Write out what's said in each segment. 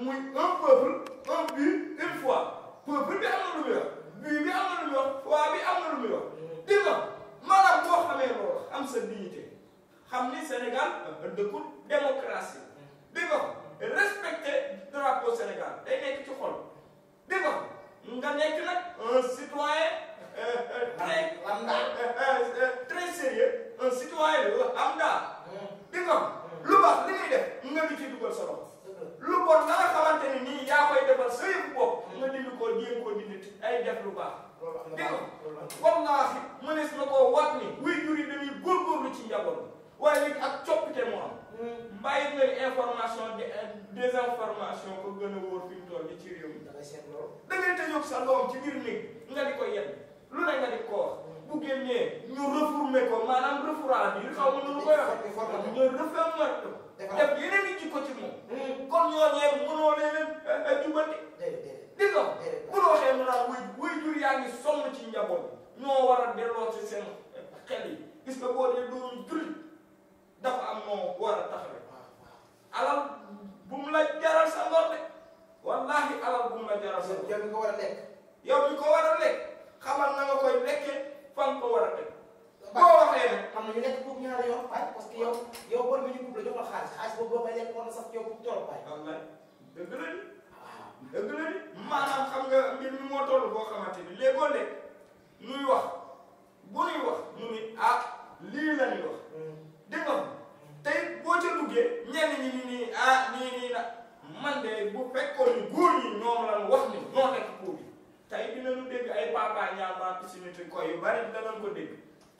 mu un peuple un but une foi peuple bi am na lu muy wax but bi am na lu muy bi am na lu muy wax di nga maanaam boo xamee loolu am sa dignité xam ni Sénégal dëkkul démocratie di nga respecté drapeau Sénégal nekk ci xol di nga nekk nag un citoyen euh, euh, très euh, très sérieux un citoyen lambda ay def lu baax. dégg nga wallaahi mënees na koo wat ni wuy jur yi dañuy góorgóorlu ci njaboot waaye léegi ak coppite moo am. mbàyyi hmm. leen information de euh, désinformation ko gën a wóor fi mu toll ci réew mi. da ngay seet loolu. da ngay tëjoo sa doom ci biir néeg nga di ko yedd lu ne nga di ko wax. Hmm. bu génnee ñu reformer ko maanaam refoural bi xaw ma nu koy wax. ñu reformer ko. def yeneen i jikko ci moom. Hmm. kon ñooñee mënoo leen euh, euh, jubati. dégg nga bu ñu waxee ñu naan way way ngi sonn ci njaboot ñoo war a delloo e seen xel gis nga boo dee doomu jullit dafa am noo war a alal bu mu la jaral sa ngor de wallaahi alal bu mu la jaral sa ngor yow mi war a lekk yow mi ko a lekk xamal na nga koy lekkee fan ko war a teg boo waxee ne xam na ñu nekk foofu ñaari yoon waaye parce que yow yow bor bi ñu kub la jox la xaalis xaalis boobu boo koy lekk moo toll boo xamante ni léegoo léeg nuy wax bu wax nu ni ah lii la ñuy wax dégg nga tey boo ca duggee ñenn ñi ni nii ah nii nii na man de bu fekkoon ni góor ñi ñoom lan wax ni ñoo nekk koo bi tey dinañu dégg ay papa ñaama pisinité koy yu bari danañ ko dégg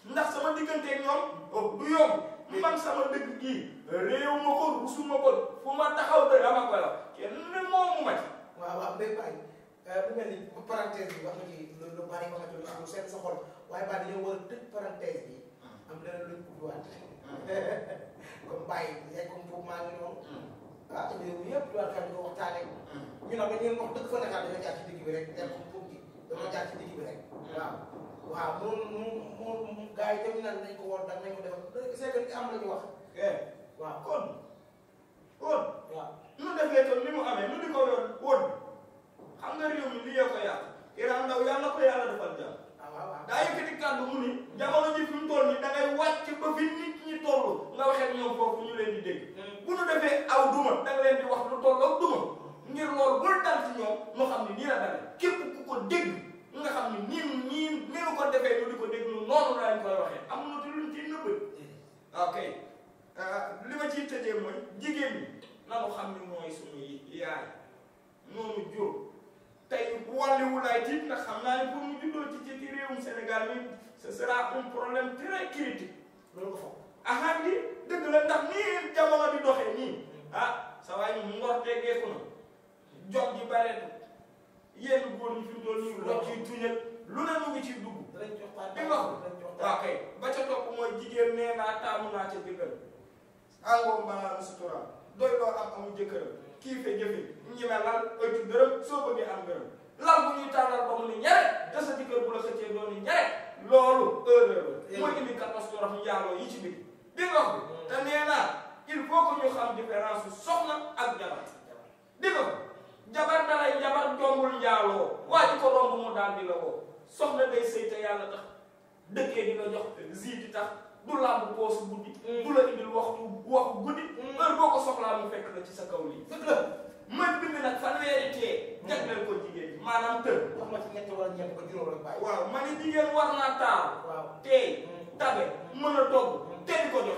ndax sama digganteeg ñoom oh, du yomb man sama dëgg gii réew ma ko rusu ma ko fu ma taxaw dëgg ama ko la kenn moomu ma ci waaw waaw day bàyyi bu euh, mel ubbi parenthèse bi wax nga ci lu lu bari wax nga ci lu lu seet sa xol waaye ba dañoo war a tëj parenthèse bi. Hmm. am leneen luñ hmm. ubbiwaat. comme bàyyi yaay comme foofu maa ngi noonu. Hmm. ah réew mi ko. ñu nag dañu leen wax dëgg fa gi dañoo jaar ci digg bi rek. waaw waaw noonu noonu moom ko war daan nañ ko defal c'est que am la ñu wax. Eh. waaw kon. kon. waaw lu defee itam li mu amee lu di ko yoon woon. xam nga réew mi lii ko yàq Iran ndaw yàlla ko yàlla defal jàmm. Ah, daa yëkkati kàddu mu ni jamono ji fi mu toll nii da ngay wàcc ba fi nit ñi toll nga waxee ñoom foofu ñu leen di dégg. Hmm. bu ñu defee aw duma da nga leen di wax lu toll ak duma ngir loolu bul dal ci ñoom ñu xam ne nii la dale képp ku ko dégg nga xam ne nii nii nii lu ko defee ñu di ko dégg lu noonu lañ koy waxee amuñu ci luñ ciy nëbb. ok euh, li ma ciy tëjee mooy jigéen ñi nanu xam ne mooy suñu yaay noonu jur. tey bu wàlliwu laay tiit ndax xam naa ne pour mu juddoo ci ci réewum Sénégal mi ce sera un problème très critique loolu ko foog axaar gi dëgg la ndax di doxee nii ah sa waay ñu ngor teggeeku na jot gi bareetu yéen góor ñi fi doon ñu loj ciy tuñal lu ne mu ngi ciy dugg di nga waaw kay ba ca topp mooy jigéen naa taamu naa ca digal angoom balaa na suturaam doy loo am amul jëkkëram kii fe jëfe ñi me lal ëccu dërëm soo bëggee am gërëm lal bu ñuy tànnal ba mu ne ñare da sa jëkkër bu la xëccee doon ni ñare loolu erreur la mooy indi catastrophe njaaloo yi ci biir bi nga hmm. ko te nee naa il faut que ñu xam différence soxna ak jabar di nga ko jabar dalay jabar jombul njaaloo waa ji ko romb mu daal di la woo soxna day sëy te yàlla tax dëkkee di la jox zii di du làmb poosu guddi. Mm. du la indil waxtu waxu guddi. Mm. heure boo ko soxlaa mu fekk la ci sa kaw lii. dëgg la mën bind nag fanweeri tee. Mm. jagleel ko jigéen ñi maanaam tën. wax ma ci ñett wala ñeent ba juróom rek bàyyi. waaw ma ne jigéen war naa taal. waaw tey tabe mën a togg tey ko